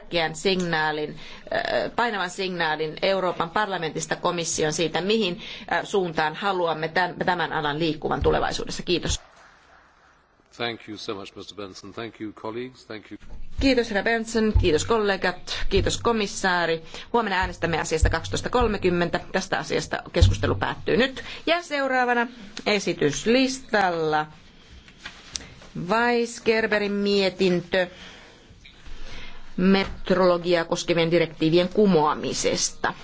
tärkeän signaalin, äh, painavan signaalin Euroopan parlamentista komission siitä, mihin äh, suuntaan haluamme tämän alan liikkuvan tulevaisuudessa. Kiitos. Thank you so much, Mr. Benson. Thank you, colleagues. Thank you. Kiitos, herra Benson. Kiitos kollegat. Kiitos komissaari. Huomenna äänestämme asiasta 12.30. Tästä asiasta keskustelu päättyy nyt. Ja seuraavana esityslistalla Weisgerberin mietintö metrologiaa koskevien direktiivien kumoamisesta.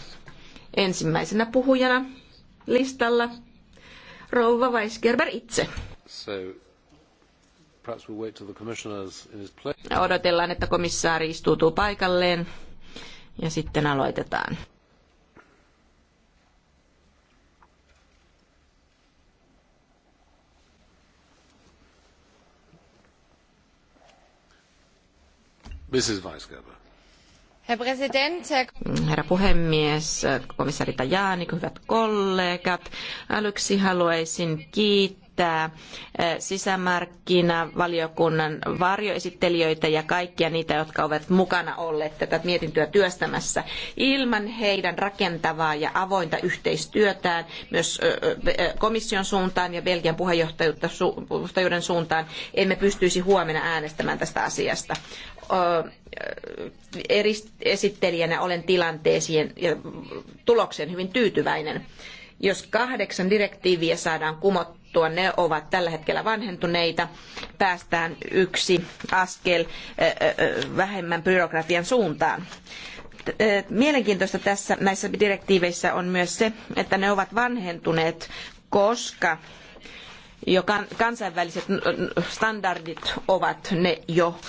Ensimmäisenä puhujana listalla rouva Weisgerber itse. So, we'll Odotellaan, että komissaari istuutuu paikalleen ja sitten aloitetaan. Herra puhemies, komissaari Tajani, hyvät kollegat. Aluksi haluaisin kiittää kiittää sisämarkkinavaliokunnan varjoesittelijöitä ja kaikkia niitä, jotka ovat mukana olleet tätä mietintöä työstämässä. Ilman heidän rakentavaa ja avointa yhteistyötään myös komission suuntaan ja Belgian puheenjohtajuuden suuntaan emme pystyisi huomenna äänestämään tästä asiasta esittelijänä olen tilanteeseen ja tulokseen hyvin tyytyväinen. Jos kahdeksan direktiiviä saadaan kumottua puuttua. Ne ovat tällä hetkellä vanhentuneita. Päästään yksi askel vähemmän byrokratian suuntaan mielenkiintoista tässä näissä direktiiveissä on myös se, että ne ovat vanhentuneet, koska jo kansainväliset standardit ovat ne jo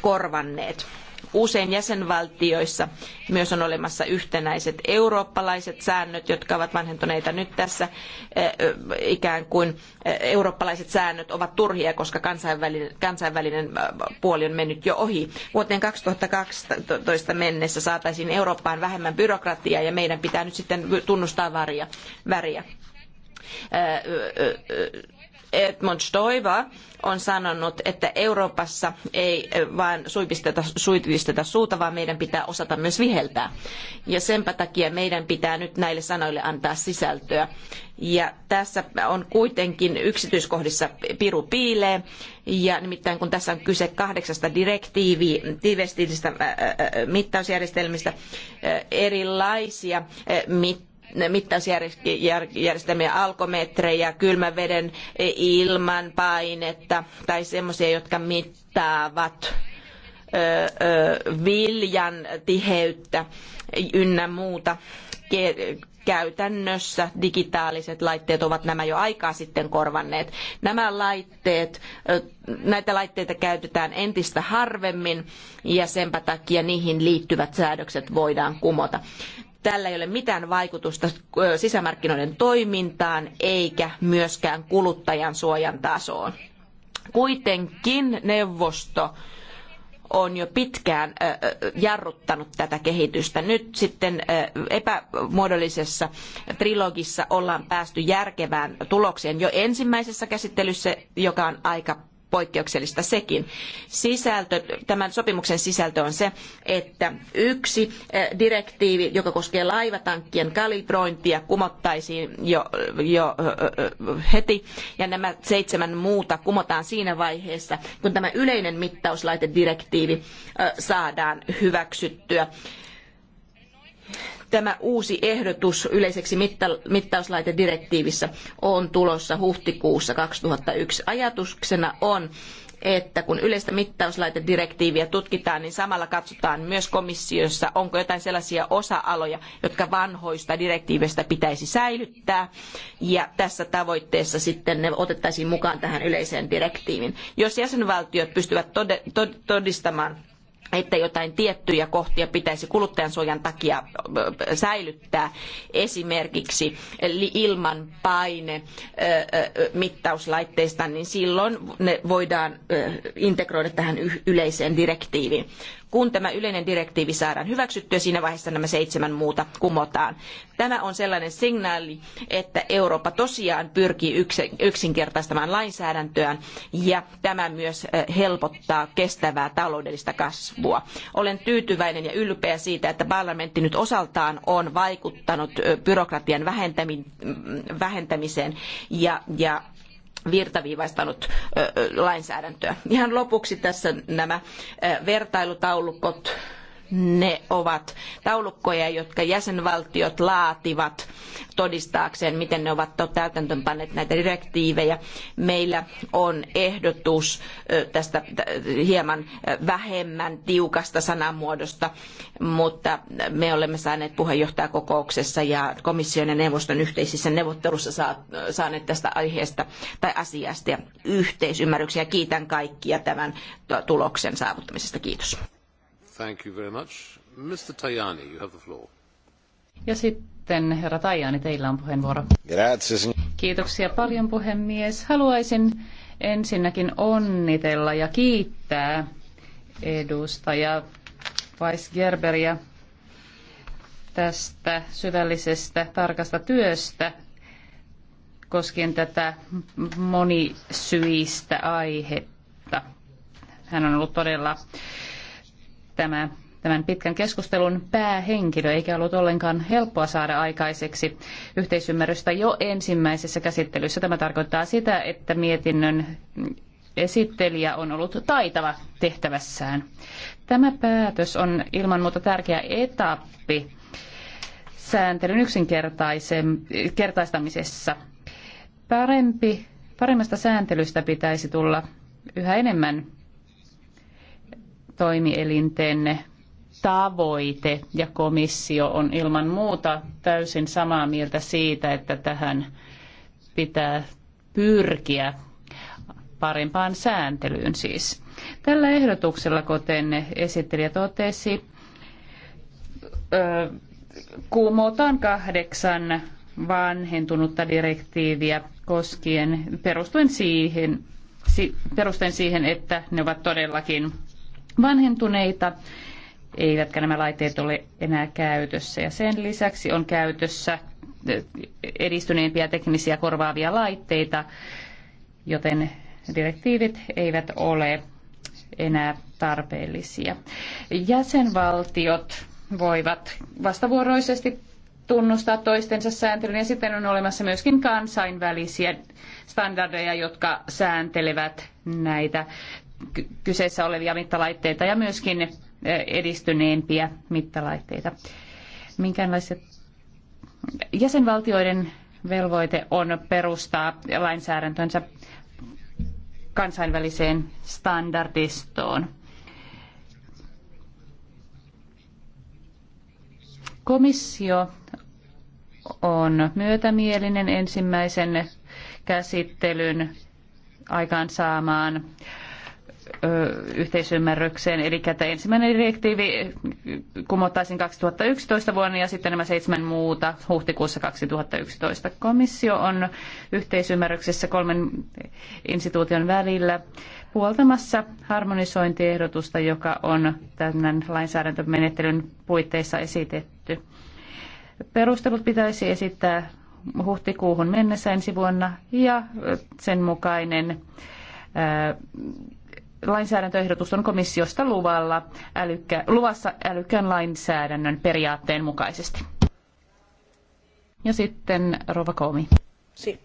korvanneet. Usein jäsenvaltioissa myös on olemassa yhtenäiset eurooppalaiset säännöt, jotka ovat vanhentuneita nyt tässä. Eh, eh, ikään kuin eh, eurooppalaiset säännöt ovat turhia, koska kansainvälinen, kansainvälinen puoli on mennyt jo ohi. Vuoteen 2012 mennessä saataisiin Eurooppaan vähemmän byrokratiaa ja meidän pitää nyt sitten tunnustaa väriä. väriä Edmund Stoiva on sanonut, että Euroopassa ei eh, vain suipisteta, suipisteta suuta, vaan meidän pitää osata myös viheltää. Ja senpä takia meidän pitää nyt näille sanoille antaa sisältöä. Ja tässä on kuitenkin yksityiskohdissa piru piilee, ja nimittäin kun tässä on kyse kahdeksasta direktiivistä eh, eh, mittausjärjestelmistä, erilaisia mittauksia, mittausjärjestelmiä, alkometrejä, kylmän veden e, ilman painetta tai semmoisia, jotka mittaavat viljan tiheyttä ynnä muuta. Käytännössä digitaaliset laitteet ovat nämä jo aikaa sitten korvanneet. Nämä laitteet, näitä laitteita käytetään entistä harvemmin ja senpä takia niihin liittyvät säädökset voidaan kumota. Tällä ei ole mitään vaikutusta sisämarkkinoiden toimintaan eikä myöskään kuluttajan suojan tasoon. Kuitenkin neuvosto on jo pitkään jarruttanut tätä kehitystä. Nyt sitten epämuodollisessa trilogissa ollaan päästy järkevään tulokseen jo ensimmäisessä käsittelyssä, joka on aika poikkeuksellista sekin. Sisältö, tämän sopimuksen sisältö on se, että yksi eh, direktiivi, joka koskee laivatankkien kalibrointia, kumottaisiin jo, jo heti, ja nämä seitsemän muuta kumotaan siinä vaiheessa, kun tämä yleinen mittauslaitedirektiivi saadaan hyväksyttyä tämä uusi ehdotus yleiseksi mitta- mittauslaitedirektiivissä on tulossa huhtikuussa 2001. Ajatuksena on, että kun yleistä mittauslaitedirektiiviä tutkitaan, niin samalla katsotaan myös komissiossa, onko jotain sellaisia osa-aloja, jotka vanhoista direktiiveistä pitäisi säilyttää. Ja tässä tavoitteessa sitten ne otettaisiin mukaan tähän yleiseen direktiiviin. Jos jäsenvaltiot pystyvät todistamaan että jotain tiettyjä kohtia pitäisi kuluttajansuojan takia säilyttää, esimerkiksi ilman paine mittauslaitteista, niin silloin ne voidaan integroida tähän yleiseen direktiiviin kun tämä yleinen direktiivi saadaan hyväksyttyä, siinä vaiheessa nämä seitsemän muuta kumotaan. Tämä on sellainen signaali, että Eurooppa tosiaan pyrkii yksinkertaistamaan lainsäädäntöään ja tämä myös eh, helpottaa kestävää taloudellista kasvua. Olen tyytyväinen ja ylpeä siitä, että parlamentti nyt osaltaan on vaikuttanut eh, byrokratian mm, vähentämiseen ja, ja virtaviivaistanut lainsäädäntöä. Ihan lopuksi tässä nämä vertailutaulukot ne ovat taulukkoja, jotka jäsenvaltiot laativat todistaakseen, miten ne ovat täytäntöönpanneet näitä direktiivejä. Meillä on ehdotus tästä hieman vähemmän tiukasta sanamuodosta, mutta me olemme saaneet puheenjohtajakokouksessa ja komission ja neuvoston yhteisissä neuvottelussa saaneet tästä aiheesta tai asiasta yhteisymmärryksiä. Kiitän kaikkia tämän tuloksen saavuttamisesta. Kiitos. Ja sitten herra Tajani, teillä on puheenvuoro. Grazie. Kiitoksia paljon puhemies. Haluaisin ensinnäkin onnitella ja kiittää edustaja Weiss-Gerberia tästä syvällisestä tarkasta työstä koskien tätä monisyistä aihetta. Hän on ollut todella tämä, tämän pitkän keskustelun päähenkilö, eikä ollut ollenkaan helppoa saada aikaiseksi yhteisymmärrystä jo ensimmäisessä käsittelyssä. Tämä tarkoittaa sitä, että mietinnön esittelijä on ollut taitava tehtävässään. Tämä päätös on ilman muuta tärkeä etappi sääntelyn yksinkertaistamisessa. Parempi, paremmasta sääntelystä pitäisi tulla yhä enemmän toimielintenne tavoite ja komissio on ilman muuta täysin samaa mieltä siitä, että tähän pitää pyrkiä parempaan sääntelyyn siis. Tällä ehdotuksella, kuten esittelijä totesi, kumotaan kahdeksan vanhentunutta direktiiviä koskien perustuen siihen, perustuen siihen, että ne ovat todellakin vanhentuneita, eivätkä nämä laitteet ole enää käytössä. Ja sen lisäksi on käytössä edistyneempiä teknisiä korvaavia laitteita, joten direktiivit eivät ole enää tarpeellisia. Jäsenvaltiot voivat vastavuoroisesti tunnustaa toistensa sääntelyn ja sitten on olemassa myöskin kansainvälisiä standardeja, jotka sääntelevät näitä kyseessä olevia mittalaitteita ja myöskin eh, edistyneempiä mittalaitteita. Minkäänlaiset jäsenvaltioiden velvoite on perustaa lainsäädäntönsä kansainväliseen standardistoon. Komissio on myötämielinen ensimmäisen käsittelyn aikaansaamaan saamaan yhteisymmärrykseen, eli että ensimmäinen direktiivi kumottaisiin 2011 vuonna ja sitten nämä seitsemän muuta huhtikuussa 2011. Komissio on yhteisymmärryksessä kolmen instituution välillä puoltamassa harmonisointiehdotusta, joka on tämän lainsäädäntömenettelyn puitteissa esitetty. Perustelut pitäisi esittää huhtikuuhun mennessä ensi vuonna ja sen mukainen lainsäädäntöehdotus on komissiosta luvalla, älykkä, luvassa älykkään lainsäädännön periaatteen mukaisesti. Ja sitten Rova Komi. Si.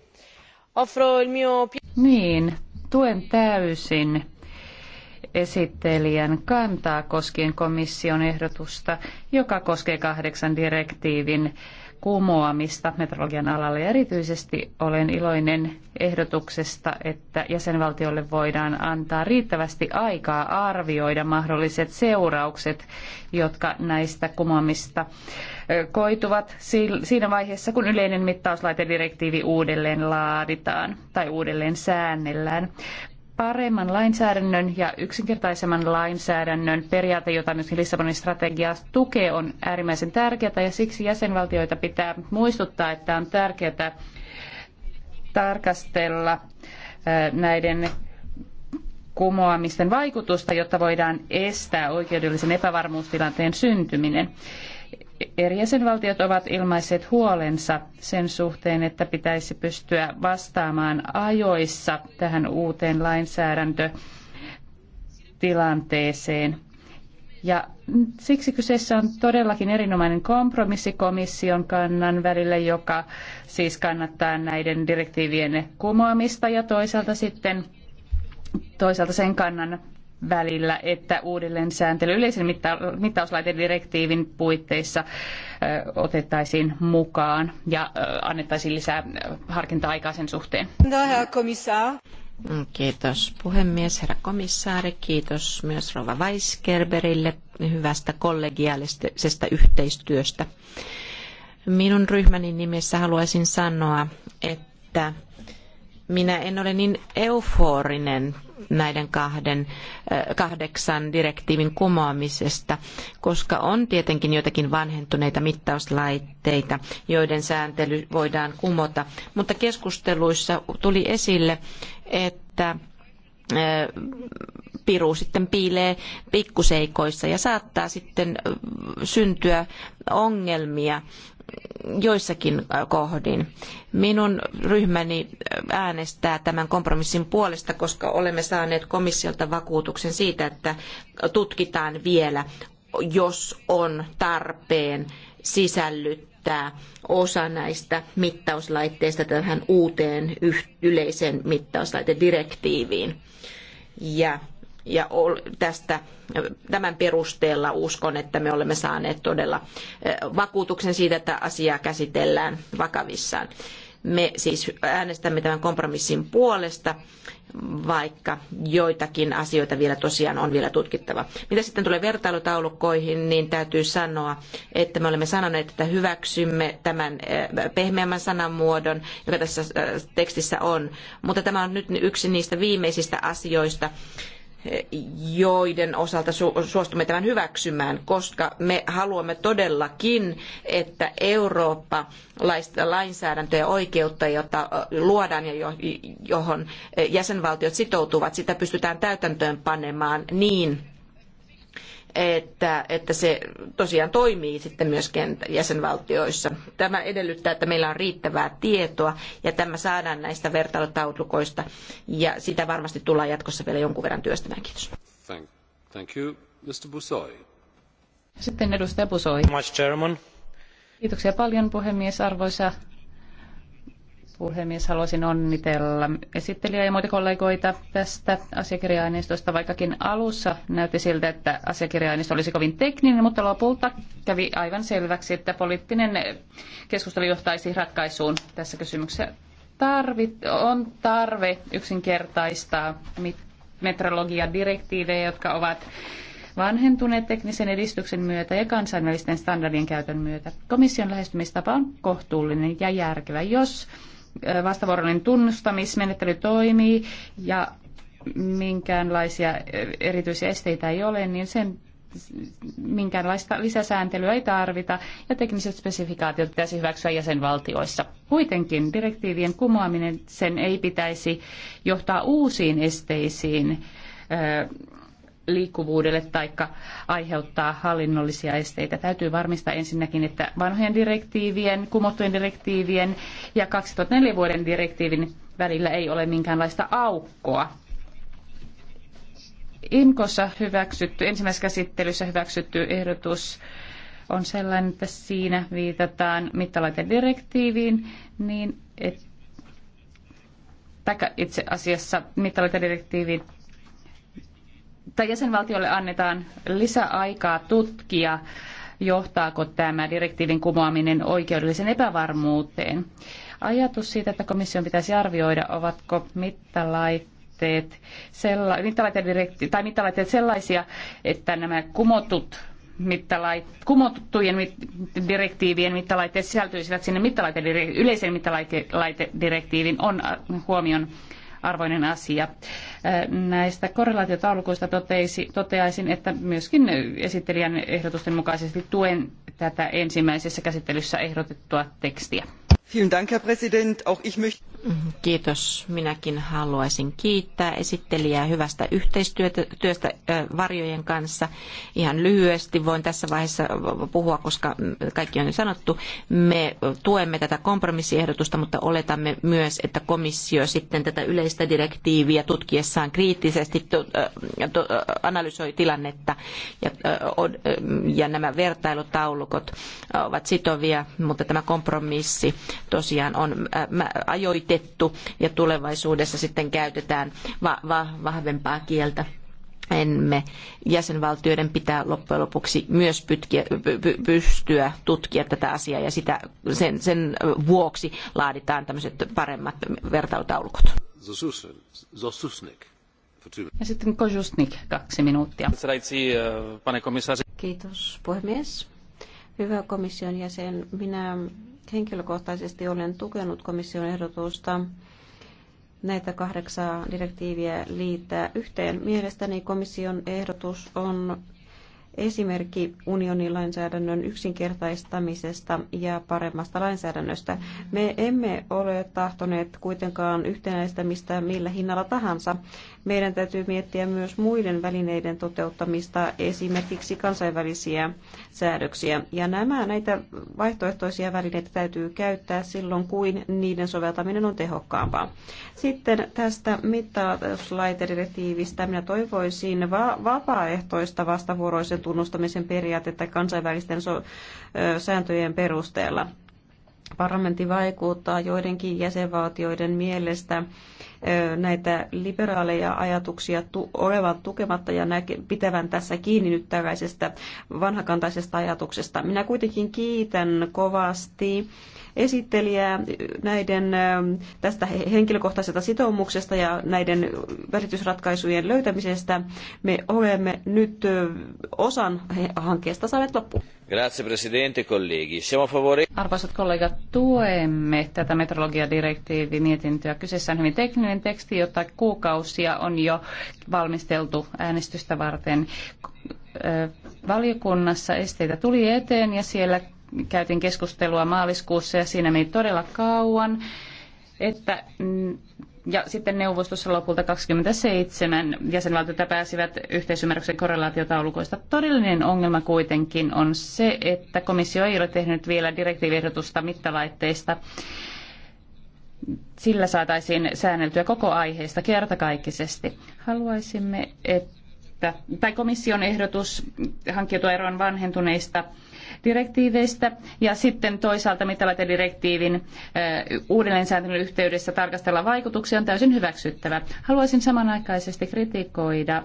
Offro il mio... Niin, tuen täysin esittelijän kantaa koskien komission ehdotusta, joka koskee kahdeksan direktiivin kumoamista metrologian alalla. Ja erityisesti olen iloinen ehdotuksesta, että jäsenvaltiolle voidaan antaa riittävästi aikaa arvioida mahdolliset seuraukset, jotka näistä kumoamista koituvat siinä vaiheessa, kun yleinen mittauslaitedirektiivi uudelleen laaditaan tai uudelleen säännellään paremman lainsäädännön ja yksinkertaisemman lainsäädännön periaate, jota myös Lissabonin strategia tukee, on äärimmäisen tärkeää ja siksi jäsenvaltioita pitää muistuttaa, että on tärkeää tarkastella näiden kumoamisten vaikutusta, jotta voidaan estää oikeudellisen epävarmuustilanteen syntyminen eri jäsenvaltiot ovat ilmaisseet huolensa sen suhteen, että pitäisi pystyä vastaamaan ajoissa tähän uuteen lainsäädäntötilanteeseen. Ja siksi kyseessä on todellakin erinomainen kompromissi komission kannan välillä, joka siis kannattaa näiden direktiivien kumoamista ja toisaalta sitten toisaalta sen kannan välillä että uudelleen sääntely yleisen mitta- mittauslaitedirektiivin puitteissa otettaisiin mukaan ja annettaisiin lisää harkinta-aikaa sen suhteen. No, herra Kiitos puhemies, herra komissaari. Kiitos myös Rova Weisgerberille hyvästä kollegiaalisesta yhteistyöstä. Minun ryhmäni nimessä haluaisin sanoa, että minä en ole niin euforinen näiden kahden, äh, kahdeksan direktiivin kumoamisesta, koska on tietenkin joitakin vanhentuneita mittauslaitteita, joiden sääntely voidaan kumota. Mutta keskusteluissa tuli esille, että äh, piru sitten piilee pikkuseikoissa ja saattaa sitten äh, syntyä ongelmia joissakin kohdin. Minun ryhmäni äänestää tämän kompromissin puolesta, koska olemme saaneet komissiolta vakuutuksen siitä, että tutkitaan vielä, jos on tarpeen sisällyttää osa näistä mittauslaitteista tähän uuteen yleiseen mittauslaitedirektiiviin. Ja ja tästä, tämän perusteella uskon, että me olemme saaneet todella eh, vakuutuksen siitä, että asiaa käsitellään vakavissaan. Me siis äänestämme tämän kompromissin puolesta, vaikka joitakin asioita vielä tosiaan on vielä tutkittava. Mitä sitten tulee vertailutaulukkoihin, niin täytyy sanoa, että me olemme sanoneet, että hyväksymme tämän eh, pehmeämmän sanamuodon, joka tässä eh, tekstissä on. Mutta tämä on nyt yksi niistä viimeisistä asioista, joiden osalta suostumme tämän hyväksymään, koska me haluamme todellakin, että eurooppalaista lainsäädäntöä ja oikeutta, jota luodaan ja johon jäsenvaltiot sitoutuvat, sitä pystytään täytäntöön panemaan niin, että, että se tosiaan toimii sitten myös jäsenvaltioissa. Tämä edellyttää, että meillä on riittävää tietoa ja tämä saadaan näistä vertailutaulukoista ja sitä varmasti tullaan jatkossa vielä jonkun verran työstämään. Kiitos. Thank, thank you. Mr. Busoi. Sitten edustaja Busoi. Much chairman. Kiitoksia paljon puhemies, arvoisa Puhemies, haluaisin onnitella esittelijä ja muita kollegoita tästä asiakirja-aineistosta, vaikkakin alussa näytti siltä, että asiakirja olisi kovin tekninen, mutta lopulta kävi aivan selväksi, että poliittinen keskustelu johtaisi ratkaisuun tässä kysymyksessä. Tarvit, on tarve yksinkertaistaa metrologiadirektiivejä, jotka ovat vanhentuneet teknisen edistyksen myötä ja kansainvälisten standardien käytön myötä. Komission lähestymistapa on kohtuullinen ja järkevä, jos vastavuoroinen tunnustamismenettely toimii ja minkäänlaisia erityisiä esteitä ei ole, niin sen minkäänlaista lisäsääntelyä ei tarvita ja tekniset spesifikaatiot pitäisi hyväksyä jäsenvaltioissa. Kuitenkin direktiivien kumoaminen sen ei pitäisi johtaa uusiin esteisiin liikkuvuudelle tai aiheuttaa hallinnollisia esteitä. Täytyy varmistaa ensinnäkin, että vanhojen direktiivien, kumottujen direktiivien ja 2004 vuoden direktiivin välillä ei ole minkäänlaista aukkoa. Imkossa hyväksytty, ensimmäisessä käsittelyssä hyväksytty ehdotus on sellainen, että siinä viitataan mittalaitedirektiiviin, niin et, itse asiassa mittalaitedirektiivin tai jäsenvaltiolle annetaan lisäaikaa tutkia, johtaako tämä direktiivin kumoaminen oikeudellisen epävarmuuteen. Ajatus siitä, että komission pitäisi arvioida, ovatko mittalaitteet, sella, mittalaitteet, tai mittalaitteet sellaisia, että nämä kumotut mittalait, kumottujen direktiivien mittalaitteet sisältyisivät sinne mittalaite, yleisen mittalaitedirektiivin on äh, huomion arvoinen asia. Äh, näistä korrelaatiotaulukoista toteisi, toteaisin, että myöskin esittelijän ehdotusten mukaisesti tuen tätä ensimmäisessä käsittelyssä ehdotettua tekstiä. Kiitos. Minäkin haluaisin kiittää esittelijää hyvästä yhteistyöstä varjojen kanssa. Ihan lyhyesti voin tässä vaiheessa puhua, koska kaikki on jo sanottu. Me tuemme tätä kompromissiehdotusta, mutta oletamme myös, että komissio sitten tätä yleistä direktiiviä tutkiessaan kriittisesti analysoi tilannetta ja nämä vertailutaulukot ovat sitovia, mutta tämä kompromissi tosiaan on äh, ajoitettu ja tulevaisuudessa sitten käytetään vahvempaa kieltä emme. Jäsenvaltioiden pitää loppujen lopuksi myös pytkiä, pystyä tutkia tätä asiaa ja sitä, sen, sen vuoksi laaditaan tämmöiset paremmat vertailutaulukot. Ja sitten Kosusnik, kaksi minuuttia. Eh, Kiitos puhemies. Hyvä komission jäsen, minä Henkilökohtaisesti olen tukenut komission ehdotusta näitä kahdeksaa direktiiviä liittää yhteen. Mielestäni komission ehdotus on esimerkki unionin lainsäädännön yksinkertaistamisesta ja paremmasta lainsäädännöstä. Me emme ole tahtoneet kuitenkaan yhtenäistämistä millä hinnalla tahansa. Meidän täytyy miettiä myös muiden välineiden toteuttamista, esimerkiksi kansainvälisiä säädöksiä. Ja nämä näitä vaihtoehtoisia välineitä täytyy käyttää silloin, kuin niiden soveltaminen on tehokkaampaa. Sitten tästä mittauslaitedirektiivistä minä toivoisin va- vapaaehtoista vastavuoroisen tunnustamisen periaatetta kansainvälisten so- sääntöjen perusteella. Parlamentti vaikuttaa joidenkin jäsenvaltioiden mielestä näitä liberaaleja ajatuksia tu- olevan tukematta ja näke- pitävän tässä kiinni nyt tällaisesta vanhakantaisesta ajatuksesta. Minä kuitenkin kiitän kovasti esittelijää näiden tästä henkilökohtaisesta sitoumuksesta ja näiden välitysratkaisujen löytämisestä. Me olemme nyt osan hankkeesta saaneet loppuun. Arvoisat kollegat, tuemme tätä metrologiadirektiivin mietintöä. Kyseessä on hyvin tekninen teksti, jota kuukausia on jo valmisteltu äänestystä varten. Valiokunnassa esteitä tuli eteen ja siellä käytiin keskustelua maaliskuussa ja siinä meni todella kauan, että ja sitten neuvostossa lopulta 27 jäsenvaltiota pääsivät yhteisymmärryksen korrelaatiotaulukoista. Todellinen ongelma kuitenkin on se, että komissio ei ole tehnyt vielä direktiiviehdotusta mittalaitteista. Sillä saataisiin säänneltyä koko aiheesta kertakaikkisesti. Haluaisimme, että, tai komission ehdotus hankkiutua eroon vanhentuneista direktiiveistä ja sitten toisaalta mittalätedirektiivin uudelleensääntelyn yhteydessä tarkastella vaikutuksia on täysin hyväksyttävä. Haluaisin samanaikaisesti kritikoida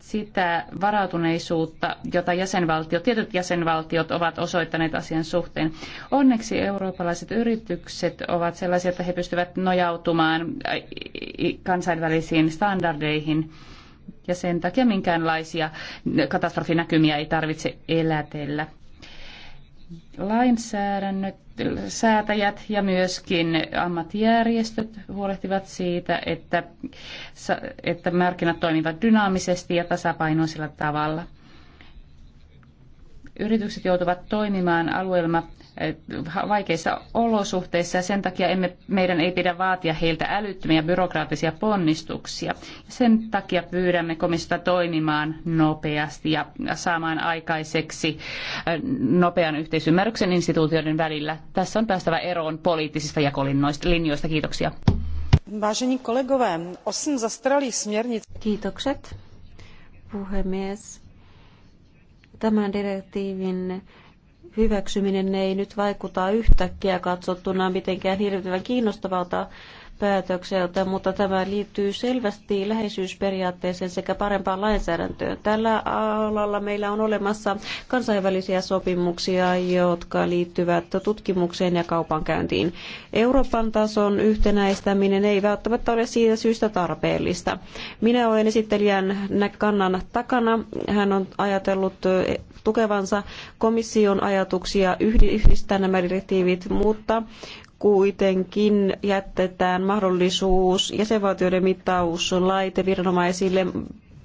sitä varautuneisuutta, jota jäsenvaltiot, tietyt jäsenvaltiot ovat osoittaneet asian suhteen. Onneksi eurooppalaiset yritykset ovat sellaisia, että he pystyvät nojautumaan kansainvälisiin standardeihin ja sen takia minkäänlaisia katastrofinäkymiä ei tarvitse elätellä lainsäädännöt, säätäjät ja myöskin ammattijärjestöt huolehtivat siitä, että, että markkinat toimivat dynaamisesti ja tasapainoisella tavalla. Yritykset joutuvat toimimaan alueilla, Eh, vaikeissa olosuhteissa ja sen takia emme, meidän ei pidä vaatia heiltä älyttömiä byrokraattisia ponnistuksia. Sen takia pyydämme komissiota toimimaan nopeasti ja saamaan aikaiseksi eh, nopean yhteisymmärryksen instituutioiden välillä. Tässä on päästävä eroon poliittisista jakolinjoista. Kiitoksia. Kiitokset, puhemies. Tämän direktiivin hyväksyminen ei nyt vaikuta yhtäkkiä katsottuna mitenkään hirvittävän kiinnostavalta päätökseltä, mutta tämä liittyy selvästi läheisyysperiaatteeseen sekä parempaan lainsäädäntöön. Tällä alalla meillä on olemassa kansainvälisiä sopimuksia, jotka liittyvät tutkimukseen ja kaupankäyntiin. Euroopan tason yhtenäistäminen ei välttämättä ole siitä syystä tarpeellista. Minä olen esittelijän kannan takana. Hän on ajatellut tukevansa komission ajatuksia yhdistää nämä direktiivit, mutta kuitenkin jätetään mahdollisuus jäsenvaltioiden mittauslaite viranomaisille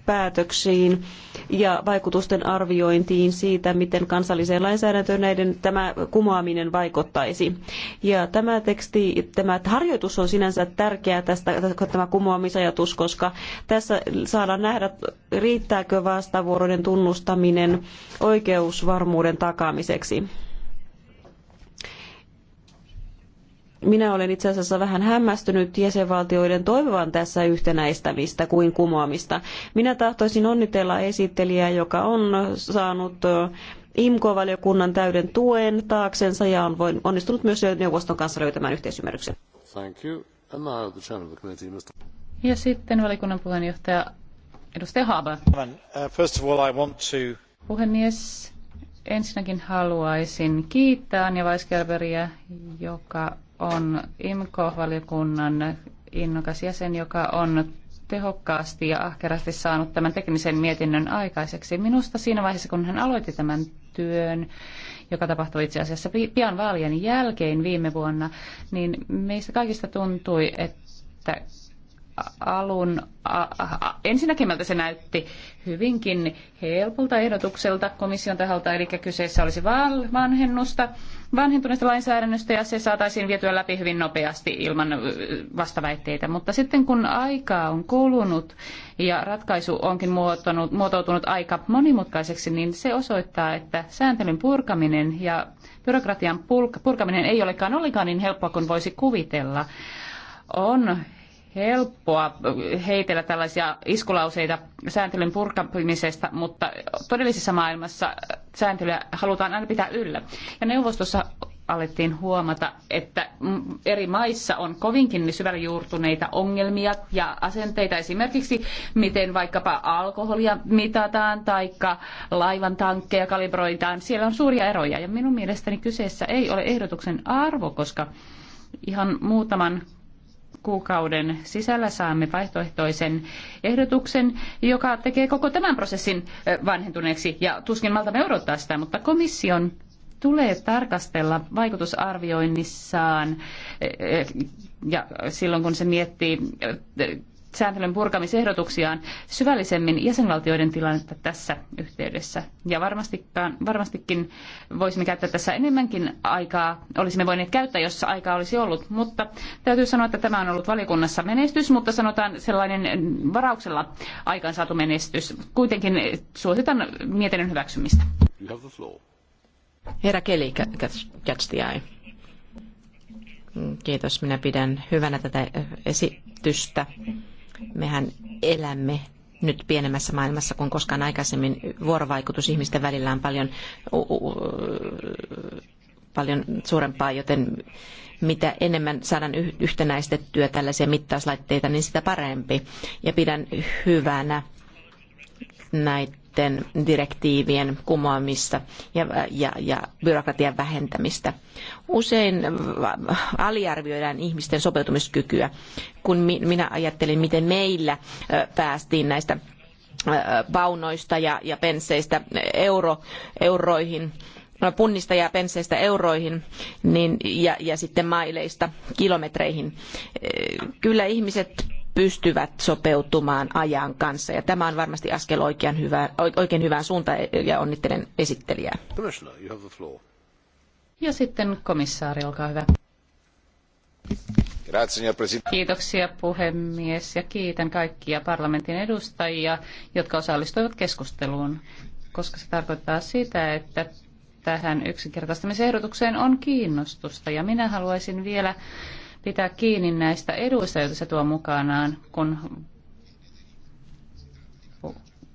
päätöksiin ja vaikutusten arviointiin siitä, miten kansalliseen lainsäädäntöön näiden tämä kumoaminen vaikuttaisi. Ja tämä teksti, tämä harjoitus on sinänsä tärkeä tästä, tämä kumoamisajatus, koska tässä saadaan nähdä, riittääkö vastavuoroinen tunnustaminen oikeusvarmuuden takaamiseksi. minä olen itse asiassa vähän hämmästynyt jäsenvaltioiden toivovan tässä yhtenäistämistä kuin kumoamista. Minä tahtoisin onnitella esittelijää, joka on saanut IMKO-valiokunnan täyden tuen taaksensa ja on onnistunut myös neuvoston kanssa löytämään yhteisymmärryksen. Ja sitten valiokunnan puheenjohtaja edustaja Haber. Uh, first of all, I want to... Puhemies, ensinnäkin haluaisin kiittää Anja Weisgerberia, joka on IMKO-valiokunnan innokas jäsen, joka on tehokkaasti ja ahkerasti saanut tämän teknisen mietinnön aikaiseksi. Minusta siinä vaiheessa, kun hän aloitti tämän työn, joka tapahtui itse asiassa pian vaalien jälkeen viime vuonna, niin meistä kaikista tuntui, että alun, a, a, ensinnäkin se näytti hyvinkin helpolta ehdotukselta komission taholta, eli kyseessä olisi vanhennusta, vanhentuneesta lainsäädännöstä ja se saataisiin vietyä läpi hyvin nopeasti ilman vastaväitteitä. Mutta sitten kun aikaa on kulunut ja ratkaisu onkin muotoutunut aika monimutkaiseksi, niin se osoittaa, että sääntelyn purkaminen ja byrokratian purkaminen ei olekaan ollenkaan niin helppoa kuin voisi kuvitella on helppoa heitellä tällaisia iskulauseita sääntelyn purkamisesta, mutta todellisessa maailmassa sääntelyä halutaan aina pitää yllä. Ja neuvostossa alettiin huomata, että eri maissa on kovinkin syvällä juurtuneita ongelmia ja asenteita. Esimerkiksi miten vaikkapa alkoholia mitataan tai laivan tankkeja kalibroidaan. Siellä on suuria eroja ja minun mielestäni kyseessä ei ole ehdotuksen arvo, koska ihan muutaman kuukauden sisällä saamme vaihtoehtoisen ehdotuksen, joka tekee koko tämän prosessin vanhentuneeksi. Ja tuskin maltamme odottaa sitä, mutta komission tulee tarkastella vaikutusarvioinnissaan ja silloin kun se miettii sääntelyn purkamisehdotuksiaan syvällisemmin jäsenvaltioiden tilannetta tässä yhteydessä. Ja varmastikin voisimme käyttää tässä enemmänkin aikaa, olisimme voineet käyttää, jos aikaa olisi ollut. Mutta täytyy sanoa, että tämä on ollut valiokunnassa menestys, mutta sanotaan sellainen varauksella aikaansaatu menestys. Kuitenkin suositan mietinnön hyväksymistä. Herra Keli, catch the eye. Mm, kiitos, minä pidän hyvänä tätä esitystä Mehän elämme nyt pienemmässä maailmassa kuin koskaan aikaisemmin. Vuorovaikutus ihmisten välillä on paljon, paljon suurempaa, joten mitä enemmän saadaan yhtenäistettyä tällaisia mittauslaitteita, niin sitä parempi. Ja pidän hyvänä näitä sitten direktiivien kumoamista ja, ja, ja byrokratian vähentämistä. Usein aliarvioidaan ihmisten sopeutumiskykyä, kun minä ajattelin, miten meillä päästiin näistä paunoista ja, ja penseistä euro, euroihin punnista ja penseistä euroihin niin, ja, ja sitten maileista kilometreihin. Kyllä ihmiset pystyvät sopeutumaan ajan kanssa. Ja tämä on varmasti askel oikein, hyvä, oikein hyvään suuntaan ja onnittelen esittelijää. Ja sitten komissaari, olkaa hyvä. Kiitoksia puhemies ja kiitän kaikkia parlamentin edustajia, jotka osallistuivat keskusteluun, koska se tarkoittaa sitä, että tähän yksinkertaistamisehdotukseen on kiinnostusta. Ja minä haluaisin vielä pitää kiinni näistä eduista, joita se tuo mukanaan, kun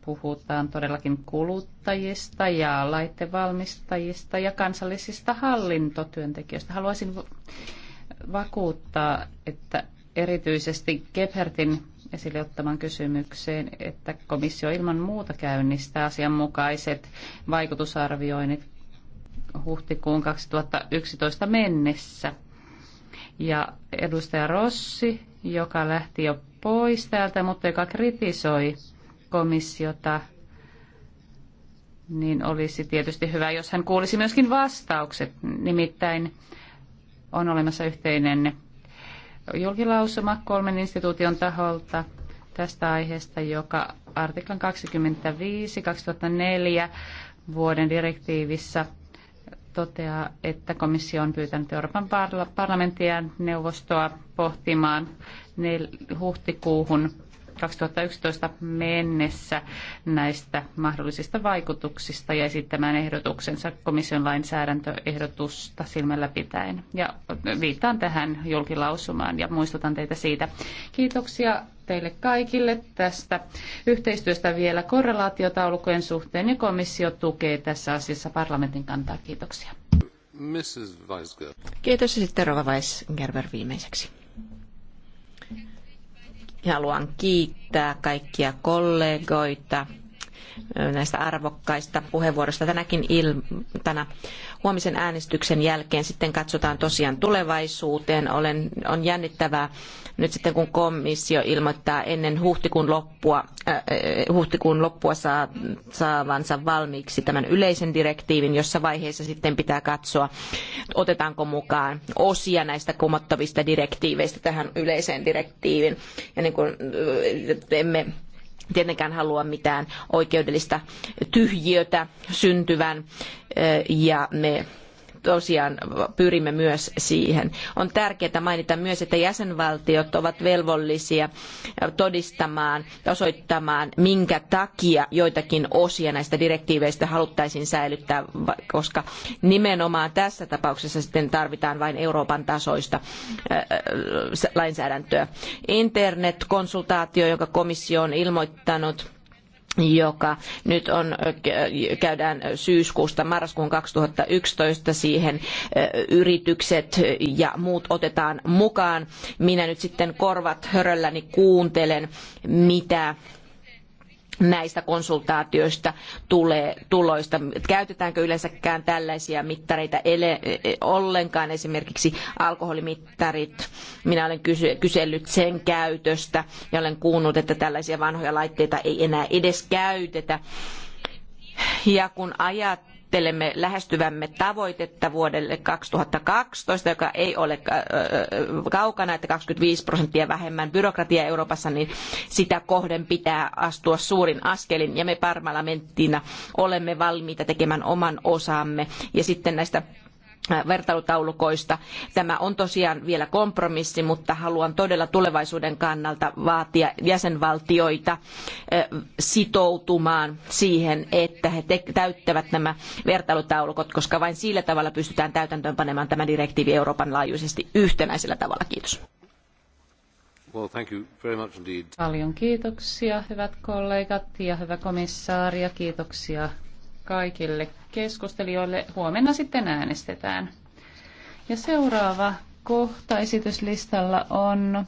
puhutaan todellakin kuluttajista ja laitevalmistajista ja kansallisista hallintotyöntekijöistä. Haluaisin vakuuttaa, että erityisesti Gebhardtin esille ottaman kysymykseen, että komissio ilman muuta käynnistää asianmukaiset vaikutusarvioinnit huhtikuun 2011 mennessä – ja edustaja Rossi, joka lähti jo pois täältä, mutta joka kritisoi komissiota, niin olisi tietysti hyvä, jos hän kuulisi myöskin vastaukset. Nimittäin on olemassa yhteinen julkilausuma kolmen instituution taholta tästä aiheesta, joka artiklan 25 2004 vuoden direktiivissä – toteaa, että komissio on pyytänyt Euroopan parlamenttia neuvostoa pohtimaan huhtikuuhun 2011 mennessä näistä mahdollisista vaikutuksista ja esittämään ehdotuksensa komission lainsäädäntöehdotusta silmällä pitäen. Ja viittaan tähän julkilausumaan ja muistutan teitä siitä. Kiitoksia teille kaikille tästä yhteistyöstä vielä korrelaatiotaulukojen suhteen ja komissio tukee tässä asiassa parlamentin kantaa. Kiitoksia. Mrs. Kiitos ja sitten Rova Weisgerber viimeiseksi. Haluan kiittää kaikkia kollegoita näistä arvokkaista puheenvuoroista tänäkin iltana. Huomisen äänestyksen jälkeen sitten katsotaan tosiaan tulevaisuuteen. Olen, on jännittävää nyt sitten kun komissio ilmoittaa ennen huhtikuun loppua, äh, äh, huhtikuun loppua saa, saavansa valmiiksi tämän yleisen direktiivin, jossa vaiheessa sitten pitää katsoa, otetaanko mukaan osia näistä kumottavista direktiiveistä tähän yleiseen direktiiviin. Ja niin kuin äh, emme tietenkään halua mitään oikeudellista tyhjiötä syntyvän ja me tosiaan pyrimme myös siihen. On tärkeää mainita myös, että jäsenvaltiot ovat velvollisia todistamaan ja osoittamaan, minkä takia joitakin osia näistä direktiiveistä haluttaisiin säilyttää, koska nimenomaan tässä tapauksessa sitten tarvitaan vain Euroopan tasoista äh, äh, lainsäädäntöä. Internetkonsultaatio, jonka komissio on ilmoittanut, joka nyt on, käydään syyskuusta marraskuun 2011 siihen yritykset ja muut otetaan mukaan. Minä nyt sitten korvat hörölläni kuuntelen, mitä näistä konsultaatioista tulee tuloista. Käytetäänkö yleensäkään tällaisia mittareita ele, ollenkaan, esimerkiksi alkoholimittarit. Minä olen kysy, kysellyt sen käytöstä ja olen kuullut, että tällaisia vanhoja laitteita ei enää edes käytetä. Ja kun ajat, tavoittelemme lähestyvämme tavoitetta vuodelle 2012, joka ei ole äh, äh, kaukana, että 25 prosenttia vähemmän byrokratiaa Euroopassa, niin sitä kohden pitää astua suurin askelin. Ja me parlamenttina olemme valmiita tekemään oman osamme. Ja sitten näistä Äh, vertailutaulukoista. Tämä on tosiaan vielä kompromissi, mutta haluan todella tulevaisuuden kannalta vaatia jäsenvaltioita äh, sitoutumaan siihen, että he täyttävät nämä vertailutaulukot, koska vain sillä tavalla pystytään täytäntöönpanemaan tämä direktiivi Euroopan laajuisesti yhtenäisellä tavalla. Kiitos. Well, thank you very much indeed. Paljon kiitoksia, hyvät kollegat ja hyvä komissaari, ja kiitoksia kaikille keskustelijoille. Huomenna sitten äänestetään. Ja seuraava kohta esityslistalla on